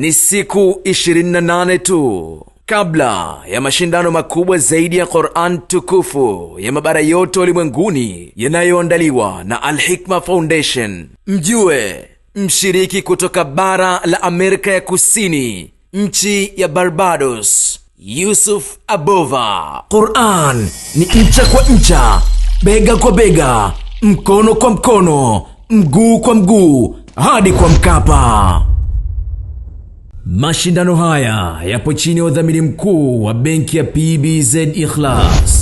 Ni siku 28 tu kabla ya mashindano makubwa zaidi ya Quran tukufu ya mabara yote ulimwenguni yanayoandaliwa na Al Hikma Foundation. Mjue mshiriki kutoka bara la Amerika ya Kusini, nchi ya Barbados, Yusuf Abova. Quran ni ncha kwa ncha, bega kwa bega, mkono kwa mkono, mguu kwa mguu, hadi kwa Mkapa. Mashindano haya yapo chini ya udhamini mkuu wa benki ya PBZ Ikhlas.